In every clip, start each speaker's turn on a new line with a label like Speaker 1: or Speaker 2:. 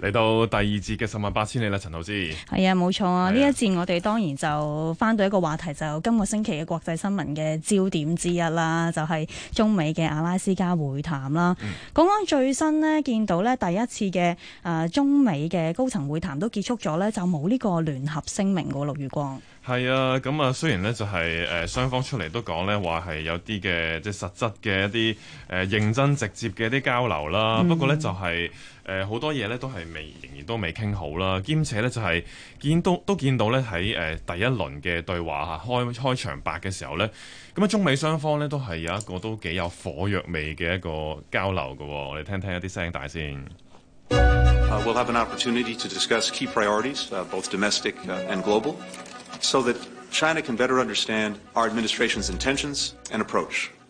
Speaker 1: 嚟到第二節嘅十萬八千里啦，陳老師。
Speaker 2: 係啊，冇錯啊。呢、啊、一節我哋當然就翻到一個話題，就今個星期嘅國際新聞嘅焦點之一啦，就係、是、中美嘅阿拉斯加會談啦。講講、嗯、最新呢，見到呢第一次嘅誒、呃、中美嘅高層會談都結束咗呢，就冇呢個聯合聲明嘅陸宇光。
Speaker 1: 係啊，咁啊，雖然呢就係誒雙方出嚟都講呢話係有啲嘅即係實質嘅一啲誒、呃、認真直接嘅一啲交流啦，嗯、不過呢，就係、是就。是誒好、呃、多嘢咧都係未，仍然都未傾好啦。兼且咧就係、是、見都都見到咧喺誒第一輪嘅對話嚇開開場白嘅時候咧，咁啊中美雙方咧都係有一個都幾有火藥味嘅一個
Speaker 2: 交流嘅、哦。我哋聽聽一啲聲帶先。Uh,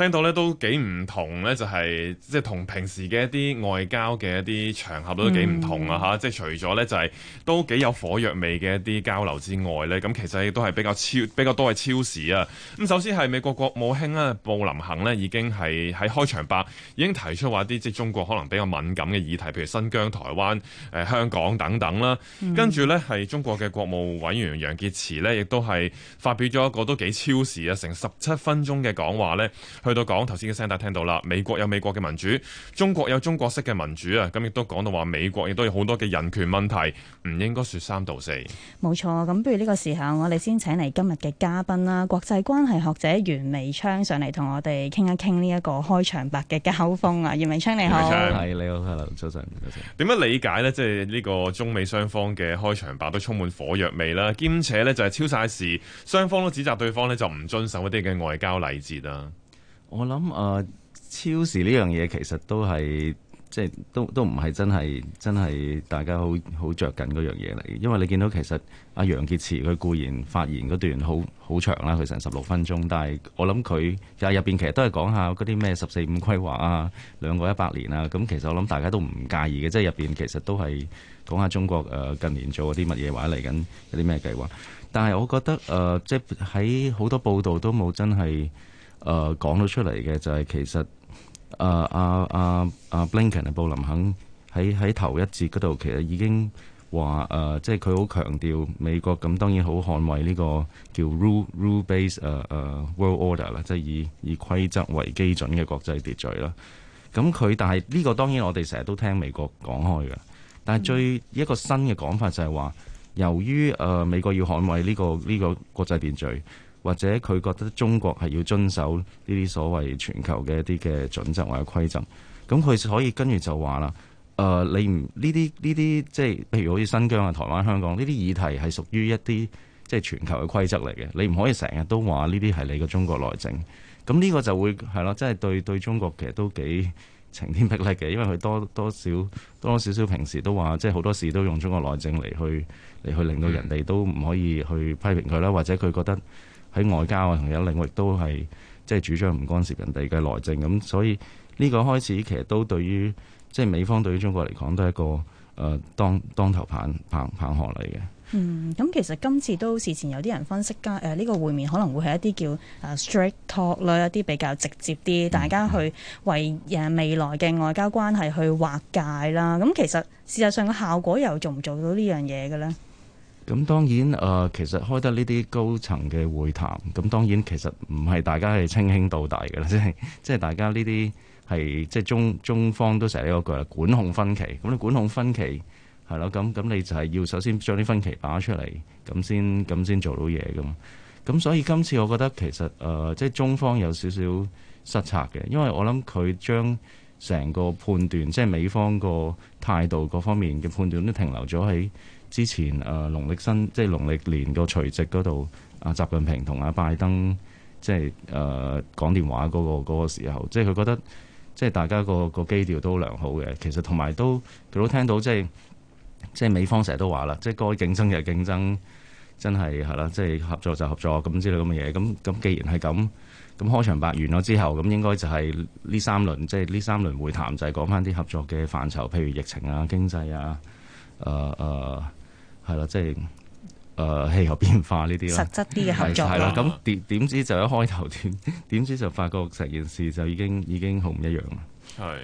Speaker 1: 聽到咧都幾唔同咧，就係即係同平時嘅一啲外交嘅一啲場合都幾唔同、嗯、啊！嚇，即係除咗咧就係都幾有火藥味嘅一啲交流之外咧，咁其實亦都係比較超比較多係超時啊！咁首先係美國國務卿啊布林肯呢，已經係喺開場白已經提出話啲即係中國可能比較敏感嘅議題，譬如新疆、台灣、誒、呃、香港等等啦。嗯、跟住咧係中國嘅國務委員楊潔篪咧亦都係發表咗一個都幾超時啊，成十七分鐘嘅講話咧。去到講頭先嘅聲，但係聽到啦。美國有美國嘅民主，中國有中國式嘅民主啊。咁亦都講到話，美國亦都有好多嘅人權問題，唔應該說三道四。
Speaker 2: 冇錯，咁不如呢個時候我哋先請嚟今日嘅嘉賓啦。國際關係學者袁彌昌上嚟同我哋傾一傾呢一個開場白嘅交鋒。啊，袁彌昌你好，係
Speaker 1: 你好，hello，早晨。點樣理解呢？即係呢個中美雙方嘅開場白都充滿火藥味啦，兼且呢就係超晒時，雙方都指責對方呢就唔遵守一啲嘅外交禮節啊。
Speaker 3: 我諗啊、呃，超時呢樣嘢其實都係即係都都唔係真係真係大家好好着緊嗰樣嘢嚟，因為你見到其實阿楊潔篪佢固然發言嗰段好好長啦，佢成十六分鐘，但係我諗佢入邊其實都係講下嗰啲咩十四五規劃啊，兩個一百年啊，咁其實我諗大家都唔介意嘅，即係入邊其實都係講下中國誒近年做啲乜嘢話嚟緊有啲咩計劃，但係我覺得誒、呃、即係喺好多報道都冇真係。誒、呃、講到出嚟嘅就係其實誒阿阿阿 Blinken 阿布林肯喺喺頭一節嗰度其實已經話誒，即係佢好強調美國咁當然好捍衛呢個叫 rule rule base 誒、uh, 誒、uh, world order 啦，即係以以規則為基準嘅國際秩序啦。咁佢但係呢個當然我哋成日都聽美國講開嘅，但係最一個新嘅講法就係話，由於誒、呃、美國要捍衛呢個呢個國際秩序。或者佢覺得中國係要遵守呢啲所謂全球嘅一啲嘅準則或者規則，咁佢可以跟住就話啦，誒、呃，你唔呢啲呢啲，即係譬如好似新疆啊、台灣、香港呢啲議題屬於，係屬於一啲即係全球嘅規則嚟嘅，你唔可以成日都話呢啲係你嘅中國內政。咁呢個就會係咯，即係對對中國其實都幾晴天霹靂嘅，因為佢多多少多少少平時都話，即係好多時都用中國內政嚟去嚟去令到人哋都唔可以去批評佢啦，或者佢覺得。喺外交啊，同有領域都係，即係主張唔干涉人哋嘅內政，咁所以呢個開始其實都對於，即係美方對於中國嚟講都係一個誒、呃、當當頭棒棒棒喝嚟嘅。嗯，
Speaker 2: 咁其實今次都事前有啲人分析加誒呢個會面可能會係一啲叫誒 straight talk 啦，一啲比較直接啲，大家去為誒未來嘅外交關係去劃界啦。咁、嗯嗯、其實事實上個效果又做唔做到呢樣嘢嘅咧？
Speaker 3: 咁、嗯、當然誒、呃，其實開得呢啲高層嘅會談，咁、嗯、當然其實唔係大家係清輕到底嘅啦，即係即係大家呢啲係即係中中方都成日有一句啦，管控分歧。咁、嗯、你管控分歧係啦，咁咁、嗯嗯、你就係要首先將啲分歧打出嚟，咁先咁先做到嘢噶嘛。咁、嗯、所以今次我覺得其實誒、呃，即係中方有少少失策嘅，因為我諗佢將成個判斷，即係美方個態度各方面嘅判斷都停留咗喺之前誒農曆新即係農曆年個除夕嗰度，阿習近平同阿拜登即係誒、呃、講電話嗰、嗰個嗰、嗰個、時候，即係佢覺得即係大家個個基調都良好嘅。其實同埋都佢都聽到即係即係美方成日都話啦，即係個競爭嘅競爭真係係啦，即係合作就合作咁之類咁嘅嘢。咁咁既然係咁，咁開場白完咗之後，咁應該就係呢三輪即係呢三輪會談就係、係、講返啲合作嘅範疇，譬如疫情啊、經濟啊、誒、啊、誒。啊啊啊啊啊啊啊係啦，即係誒，呃、氣候變化呢啲啦，實質啲嘅合作啦。咁點點知就一開頭點點知就發覺成件事就已經已經好唔一樣啦。
Speaker 1: 係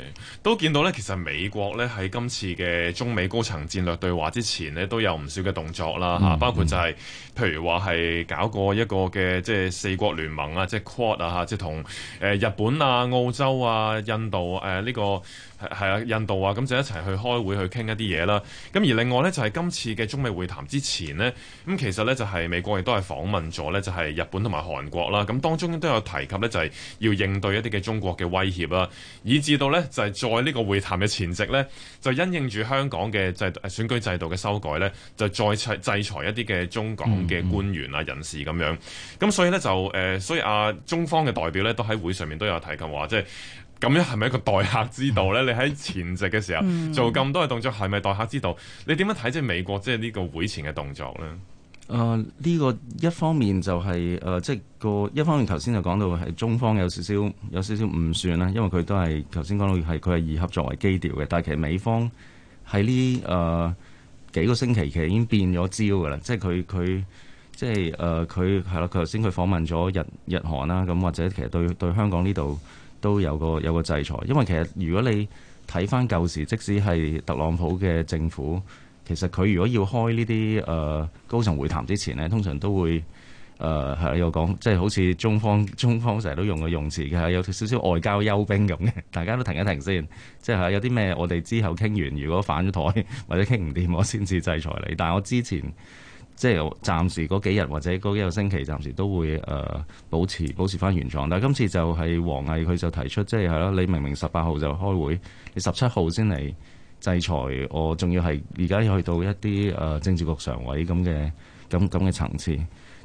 Speaker 1: 都見到咧，其實美國咧喺今次嘅中美高層戰略對話之前咧，都有唔少嘅動作啦，吓、嗯、包括就係、是嗯、譬如話係搞過一個嘅即係四國聯盟啊，即、就、係、是、Quad 啊，吓即係同誒日本啊、澳洲啊、印度誒呢、呃這個。係啊，印度啊，咁、嗯、就一齊去開會去傾一啲嘢啦。咁而另外呢，就係、是、今次嘅中美會談之前呢，咁、嗯、其實呢，就係、是、美國亦都係訪問咗呢，就係、是、日本同埋韓國啦。咁、嗯、當中都有提及呢，就係、是、要應對一啲嘅中國嘅威脅啦、啊，以至到呢，就係、是、在呢個會談嘅前夕呢，就因應住香港嘅制度選舉制度嘅修改呢，就再制裁一啲嘅中港嘅官員啊、人士咁樣。咁、嗯嗯、所以呢，就誒、呃，所以啊，中方嘅代表呢，都喺會上面都有提及話，即、就、係、是。咁樣係咪一個待客之道呢？ 你喺前夕嘅時候做咁多嘅動作，係咪待客之道？你點樣睇即係美國即係呢個會前嘅動作呢？誒、
Speaker 3: 呃，呢、這個一方面就係、是、誒、呃，即係個一方面，頭先就講到係中方有少少有少少唔算啦，因為佢都係頭先講到係佢係以合作為基調嘅，但係其實美方喺呢誒幾個星期其實已經變咗招噶啦，即係佢佢即係誒佢係咯，佢頭先佢訪問咗日日韓啦，咁或者其實對對香港呢度。都有個有個制裁，因為其實如果你睇翻舊時，即使係特朗普嘅政府，其實佢如果要開呢啲誒高層會談之前呢，通常都會誒係有講，即係好似中方中方成日都用嘅用詞，佢係有少少外交休兵咁嘅，大家都停一停先，即係有啲咩我哋之後傾完，如果反咗台或者傾唔掂，我先至制裁你。但係我之前。即係暫時嗰幾日或者嗰幾個星期，暫時都會誒、呃、保持保持翻原狀。但係今次就係王毅佢就提出，即係係咯，你明明十八號就開會，你十七號先嚟制裁，我、哦、仲要係而家要去到一啲誒、呃、政治局常委咁嘅咁咁嘅層次。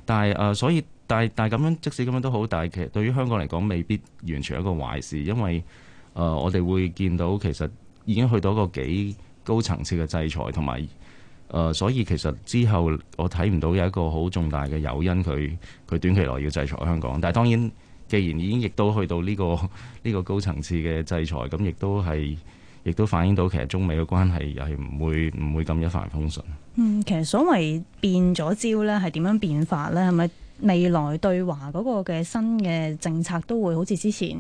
Speaker 3: 但係誒、呃，所以但係但係咁樣，即使咁樣都好，但係其實對於香港嚟講，未必完全係一個壞事，因為誒、呃、我哋會見到其實已經去到一個幾高層次嘅制裁同埋。誒、呃，所以其實之後我睇唔到有一個好重大嘅誘因，佢佢短期內要制裁香港。但係當然，既然已經亦都去到呢個呢個高層次嘅制裁，咁亦都係，亦都反映到其實中美嘅關係又係唔會唔會咁一帆風順。嗯，
Speaker 2: 其實所謂變咗招咧，係點樣變法咧？係咪？未來對華嗰個嘅新嘅政策都會好似之前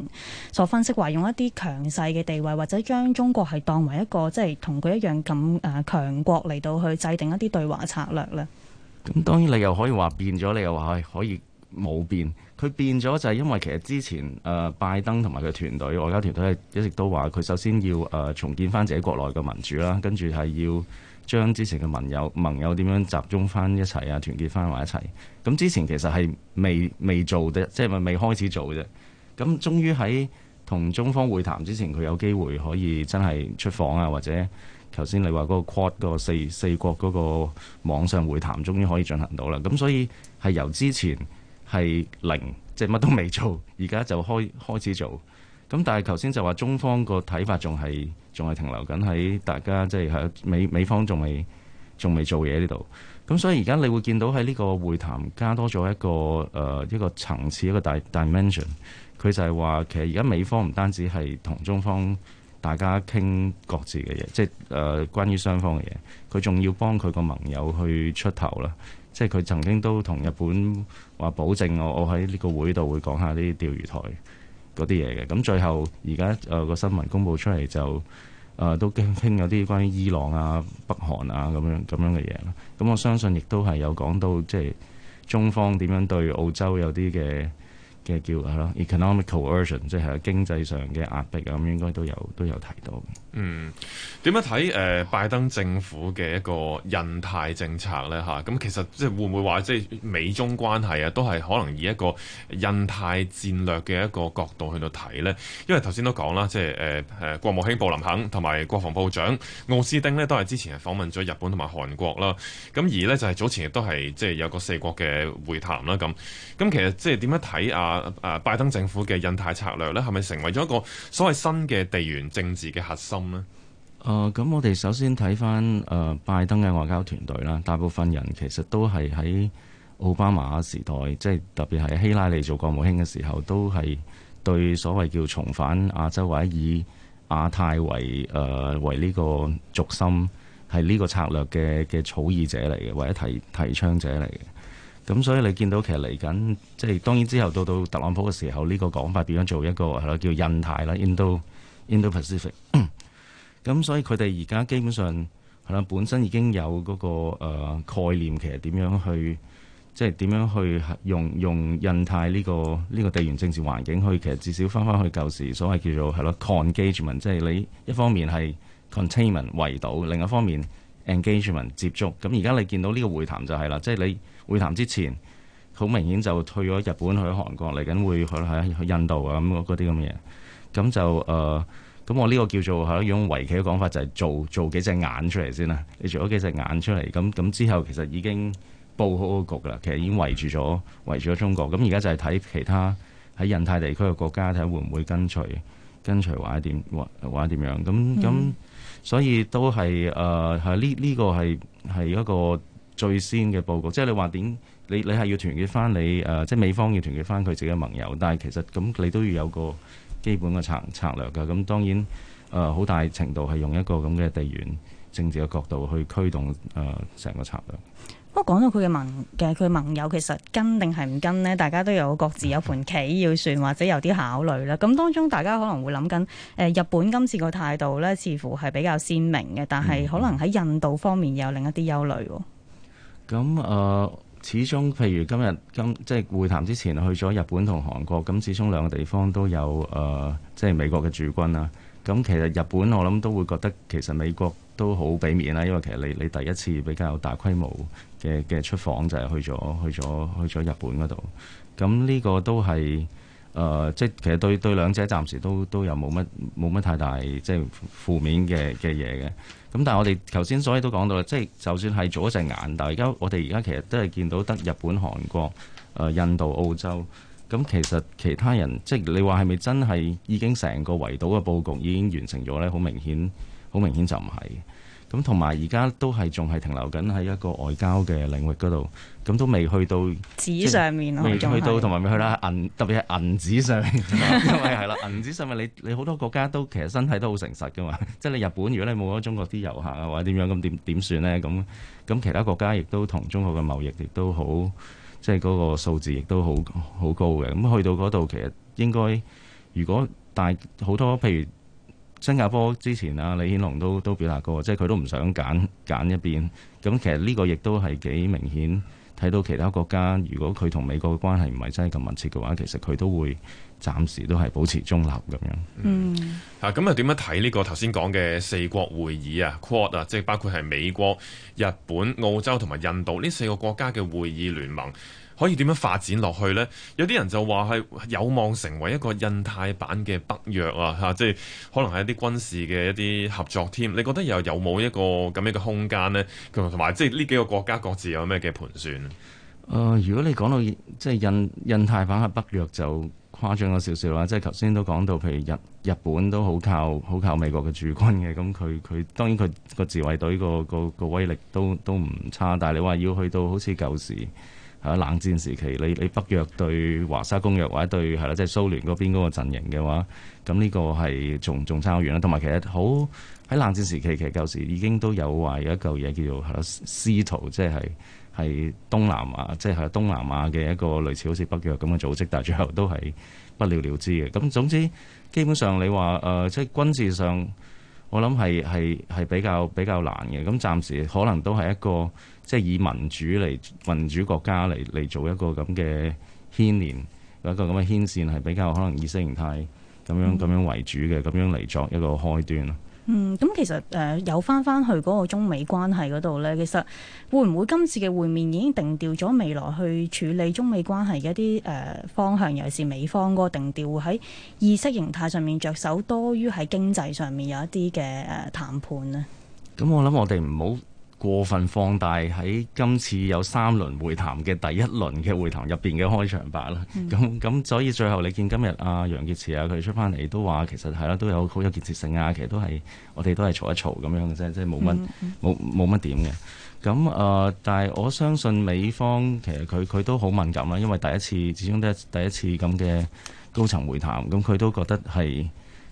Speaker 2: 所分析話，用一啲強勢嘅地位，或者將中國係當為一個即係同佢一樣咁誒強國嚟到去制定一啲對華策略啦。
Speaker 3: 咁、嗯、當然你又可以話變咗，你又話可以冇變，佢變咗就係因為其實之前誒、呃、拜登同埋佢團隊外交團隊一直都話，佢首先要誒、呃、重建翻自己國內嘅民主啦，跟住係要將之前嘅盟友盟友點樣集中翻一齊啊，團結翻埋一齊。咁之前其實係未未做嘅，即係咪未開始做嘅啫？咁終於喺同中方會談之前，佢有機會可以真係出訪啊，或者頭先你話嗰個 Quad 四四國嗰個網上會談，終於可以進行到啦。咁所以係由之前。係零，即係乜都未做，而家就開開始做。咁但係頭先就話中方個睇法仲係仲係停留緊喺大家，即係美美方仲未仲未做嘢呢度。咁所以而家你會見到喺呢個會談加多咗一個誒、呃、一個層次一個大 dimension。佢就係話其實而家美方唔單止係同中方大家傾各自嘅嘢，即係誒、呃、關於雙方嘅嘢，佢仲要幫佢個盟友去出頭啦。即係佢曾經都同日本話保證我我喺呢個會度會講下啲釣魚台嗰啲嘢嘅，咁最後而家誒個新聞公佈出嚟就誒、呃、都傾傾有啲關於伊朗啊、北韓啊咁樣咁樣嘅嘢啦，咁我相信亦都係有講到即係中方點樣對澳洲有啲嘅。嘅叫 economic coercion 即係經濟上嘅壓迫咁，應該都有都有提到
Speaker 1: 嗯，點樣睇誒、呃、拜登政府嘅一個印太政策咧？嚇、啊，咁其實即係會唔會話即係美中關係啊，都係可能以一個印太戰略嘅一個角度去到睇呢？因為頭先都講啦，即係誒誒國務卿布林肯同埋國防部長奧斯丁呢，都係之前訪問咗日本同埋韓國啦。咁、啊、而呢，就係、是、早前亦都係即係有個四國嘅會談啦。咁、啊、咁其實即係點樣睇啊？啊，啊！拜登政府嘅印太策略呢，係咪成為咗一個所謂新嘅地緣政治嘅核心呢？啊、
Speaker 3: 呃！咁我哋首先睇翻誒拜登嘅外交團隊啦，大部分人其實都係喺奧巴馬時代，即係特別係希拉里做國務卿嘅時候，都係對所謂叫重返亞洲或者以亞太為誒、呃、為呢個軸心係呢個策略嘅嘅草擬者嚟嘅，或者提提倡者嚟嘅。咁所以你見到其實嚟緊，即、就、係、是、當然之後到到特朗普嘅時候，呢、這個講法變咗做一個係啦，叫印太啦，Indo-Indo-Pacific。咁 Indo, Indo 所以佢哋而家基本上係啦，本身已經有嗰、那個、呃、概念，其實點樣去，即係點樣去用用印太呢、這個呢、這個地緣政治環境去，其實至少翻返去舊時所謂叫做係咯 congagement 即係你一方面係 containment 圍堵，另一方面。Engagement 接觸，咁而家你見到呢個會談就係啦，即係你會談之前好明顯就去咗日本去韓國，嚟緊會去去印度啊咁嗰啲咁嘅嘢，咁就誒，咁、呃、我呢個叫做係一種圍棋嘅講法就，就係做做幾隻眼出嚟先啦，你做咗幾隻眼出嚟，咁咁之後其實已經布好個局啦，其實已經圍住咗圍住咗中國，咁而家就係睇其他喺印太地區嘅國家睇會唔會跟隨跟隨話一點話話點樣，咁咁。所以都係誒係呢呢個係係一個最先嘅報告，即係你話點？你你係要團結翻你誒、呃，即係美方要團結翻佢自己嘅盟友，但係其實咁你都要有個基本嘅策策略㗎。咁當然誒好、呃、大程度係用一個咁嘅地緣政治嘅角度去驅動誒成、呃、個策略。
Speaker 2: 不過講到佢嘅盟嘅佢盟友，盟友其實跟定係唔跟呢？大家都有各自有盤棋要算，或者有啲考慮啦。咁當中大家可能會諗緊，誒日本今次個態度呢，似乎係比較鮮明嘅，但係可能喺印度方面有另一啲憂慮。
Speaker 3: 咁誒、嗯呃，始終譬如今日今即係會談之前去咗日本同韓國，咁始終兩個地方都有誒、呃，即係美國嘅駐軍啦。咁其實日本我諗都會覺得其實美國都好俾面啦，因為其實你你第一次比較有大規模。嘅嘅出訪就係、是、去咗去咗去咗日本嗰度，咁呢個都係誒、呃，即係其實對對兩者暫時都都有冇乜冇乜太大即係負面嘅嘅嘢嘅。咁但係我哋頭先所以都講到啦，即係就算係做一隻眼，但係而家我哋而家其實都係見到得日本、韓國、誒、呃、印度、澳洲，咁其實其他人即係你話係咪真係已經成個圍堵嘅佈局已經完成咗呢？好明顯，好明顯就唔係。咁同埋而家都係仲係停留緊喺一個外交嘅領域嗰度，咁都未去到紙上面，未去到同埋是未去啦銀，特別係銀紙上面， 因為係啦銀紙上面你你好多國家都其實身體都好誠實噶嘛，即係你日本如果你冇咗中國啲遊客啊或者點樣咁點點算咧？咁咁其他國家亦都同中國嘅貿易亦都好，即係嗰個數字亦都好好高嘅。咁去到嗰度其實應該如果但係好多譬如。新加坡之前啊，李顯龍都都表達過，即係佢都唔想揀揀一邊。咁其實呢個亦都係幾明顯，睇到其他國家，如果佢同美國嘅關係唔係真係咁密切嘅話，其實佢都會暫時都係保持中立咁樣。
Speaker 1: 嗯，啊，咁啊點樣睇呢個頭先講嘅四國會議啊？Quad 啊，即係包括係美國、日本、澳洲同埋印度呢四個國家嘅會議聯盟。可以點樣發展落去呢？有啲人就話係有望成為一個印太版嘅北約啊！嚇，即係可能係一啲軍事嘅一啲合作添。你覺得又有冇一個咁樣嘅空間呢？同埋，即係呢幾個國家各自有咩嘅盤算？
Speaker 3: 誒、呃，如果你講到即係印印太版嘅北約，就誇張咗少少啦。即係頭先都講到，譬如日日本都好靠好靠美國嘅駐軍嘅，咁佢佢當然佢個自衛隊個個威力都都唔差，但係你話要去到好似舊時。喺冷戰時期，你你北約對華沙公約或者對係啦，即係、就是、蘇聯嗰邊嗰個陣營嘅話，咁呢個係仲仲差好遠啦。同埋其實好喺冷戰時期，其實舊時已經都有話有一嚿嘢叫做係啦，司圖即係係東南亞，即係東南亞嘅一個類似好似北約咁嘅組織，但係最後都係不了了之嘅。咁總之，基本上你話誒、呃，即係軍事上。我諗係係係比較比較難嘅，咁暫時可能都係一個即係、就是、以民主嚟民主國家嚟嚟做一個咁嘅牽連，有一個咁嘅牽線係比較可能意識形態咁樣咁樣為主嘅，咁樣嚟作一個開端咯。
Speaker 2: 嗯，咁其實誒有翻翻去嗰個中美關係嗰度呢，其實會唔會今次嘅會面已經定調咗未來去處理中美關係嘅一啲誒、呃、方向，尤其是美方嗰定調會喺意識形態上面着手多於喺經濟上面有一啲嘅誒談判呢？
Speaker 3: 咁、嗯、我諗我哋唔好過分放大喺今次有三輪會談嘅第一輪嘅會談入邊嘅開場白啦，咁咁、嗯、 所以最後你見今日阿、啊、楊潔篪啊佢出翻嚟都話其實係啦都有好有建設性啊，其實都係我哋都係嘈一嘈咁樣嘅啫，即係冇乜冇冇乜點嘅。咁啊、呃，但係我相信美方其實佢佢都好敏感啦、啊，因為第一次始終都係第一次咁嘅高層會談，咁佢都覺得係。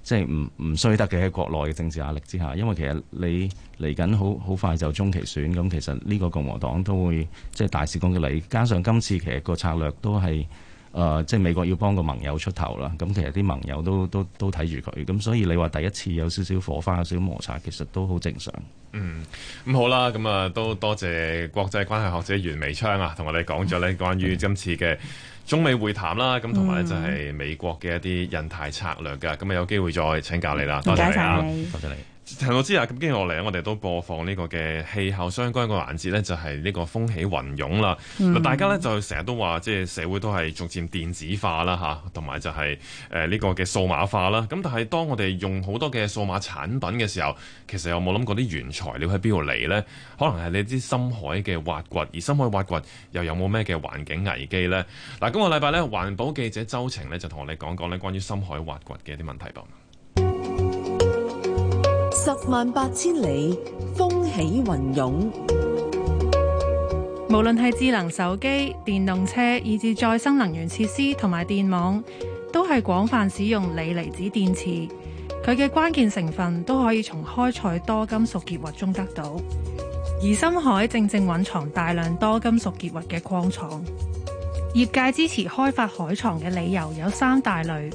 Speaker 3: 即係唔唔衰得嘅喺國內嘅政治壓力之下，因為其實你嚟緊好好快就中期選，咁其實呢個共和黨都會即係、就是、大肆攻擊你，加上今次其實個策略都係。誒、呃，即係美國要幫個盟友出頭啦，咁其實啲盟友都都都睇住佢，咁所以你話第一次有少少火花、有少少摩擦，其實都好正常。嗯，
Speaker 1: 咁好啦，咁啊都多謝國際關係學者袁彌昌啊，同我哋講咗呢關於今次嘅中美會談啦、啊，咁同埋呢，就係美國嘅一啲印太策略嘅，咁啊有機會再請教你啦，嗯、多謝啊，謝謝多謝你。陳老師啊，咁跟住落嚟我哋都播放呢個嘅氣候相關個環節呢，就係呢個風起雲湧啦。嗯、大家呢，就成日都話，即係社會都係逐漸電子化啦，吓、就是，同埋就係誒呢個嘅數碼化啦。咁但係當我哋用好多嘅數碼產品嘅時候，其實有冇諗過啲原材料喺邊度嚟呢？可能係你啲深海嘅挖掘，而深海挖掘又有冇咩嘅環境危機呢？嗱，今個禮拜呢，環保記者周澄呢，就同我哋講講咧關於深海挖掘嘅一啲問題噃。
Speaker 4: 十萬八千里，風起雲湧。無論係智能手機、電動車，以至再生能源設施同埋電網，都係廣泛使用鋰離子電池。佢嘅關鍵成分都可以從開採多金屬結核中得到。而深海正正蘊藏大量多金屬結核嘅礦床。業界支持開發海床嘅理由有三大類：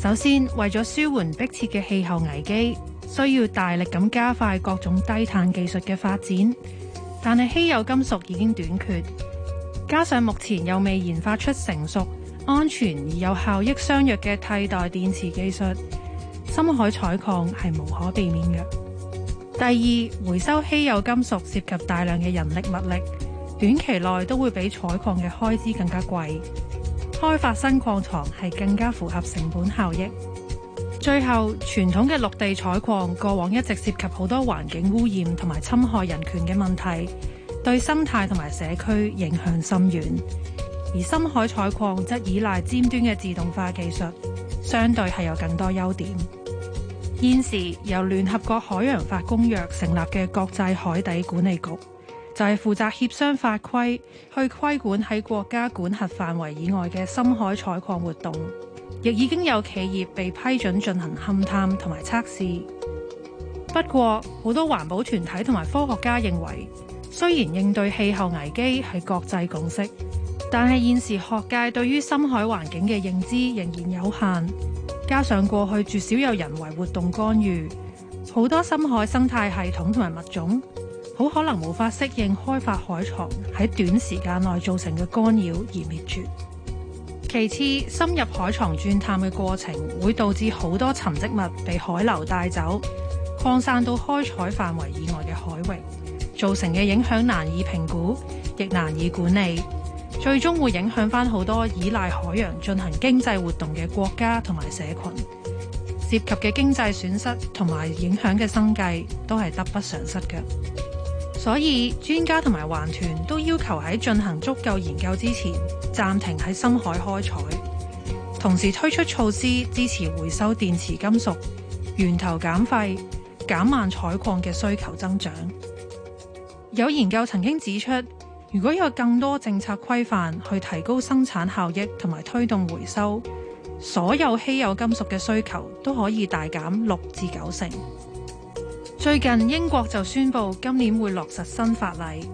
Speaker 4: 首先，為咗舒緩迫切嘅氣候危機。需要大力咁加快各種低碳技術嘅發展，但係稀有金屬已經短缺，加上目前又未研發出成熟、安全而有效益相若嘅替代電池技術，深海採礦係無可避免嘅。第二，回收稀有金屬涉及大量嘅人力物力，短期內都會比採礦嘅開支更加貴，開發新礦床係更加符合成本效益。最後，傳統嘅陸地採礦過往一直涉及好多環境污染同埋侵害人權嘅問題，對生態同埋社區影響深遠。而深海採礦則依賴尖端嘅自動化技術，相對係有更多優點。現時由聯合國海洋法公約成立嘅國際海底管理局，就係負責協商法規，去規管喺國家管轄範圍以外嘅深海採礦活動。亦已經有企業被批准進行勘探同埋測試，不過好多環保團體同埋科學家認為，雖然應對氣候危機係國際共識，但係現時學界對於深海環境嘅認知仍然有限。加上過去絕少有人為活動干預，好多深海生態系統同埋物種，好可能無法適應開發海床喺短時間內造成嘅干擾而滅絕。其次，深入海床鑽探嘅過程會導致好多沉積物被海流帶走，擴散到開採範圍以外嘅海域，造成嘅影響難以評估，亦難以管理，最終會影響翻好多依賴海洋進行經濟活動嘅國家同埋社群，涉及嘅經濟損失同埋影響嘅生計都係得不償失嘅。所以，專家同埋環團都要求喺進行足夠研究之前。暫停喺深海開採，同時推出措施支持回收電池金屬、源頭減廢、減慢採礦嘅需求增長。有研究曾經指出，如果有更多政策規範去提高生產效益同埋推動回收，所有稀有金屬嘅需求都可以大減六至九成。最近英國就宣布今年會落實新法例。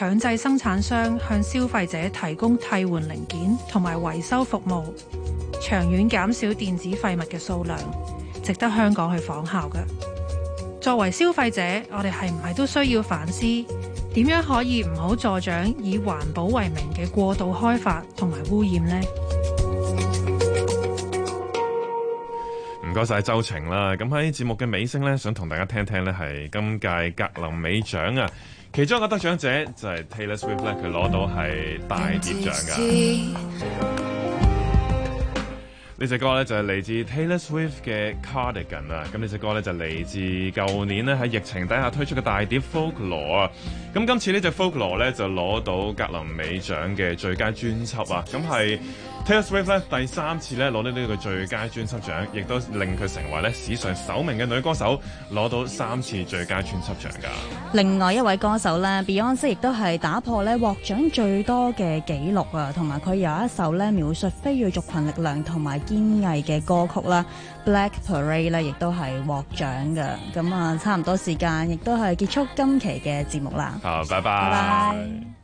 Speaker 4: 強制生產商向消費者提供替換零件同埋維修服務，長遠減少電子廢物嘅數量，值得香港去仿效嘅。作為消費者，我哋係唔係都需要反思，點樣可以唔好助長以環保為名嘅過度開發同埋污染呢？
Speaker 1: 唔該晒，周澄啦，咁喺節目嘅尾聲呢，想同大家聽聽呢係今屆格林美獎啊！其中一個得獎者就係 Taylor Swift 咧，佢攞到係大碟獎㗎。 呢隻歌咧就係嚟自 Taylor Swift 嘅 Cardigan 啦，咁呢隻歌咧就嚟自舊年咧喺疫情底下推出嘅大碟 folklore 啊，咁今次呢隻 folklore 咧就攞到格林美獎嘅最佳專輯啊，咁係 Taylor Swift 咧第三次咧攞到呢個最佳專輯獎，亦都令佢成為咧史上首名嘅女歌手攞到三次最佳專輯獎噶。
Speaker 2: 另外一位歌手咧，Beyonce 即亦都係打破咧獲獎最多嘅紀錄啊，同埋佢有一首咧描述非裔族群力量同埋。堅毅嘅歌曲啦，《Black Parade》咧，亦都係獲獎嘅。咁啊，差唔多時間，亦都係結束今期嘅節目啦。
Speaker 1: 好，拜拜。拜拜。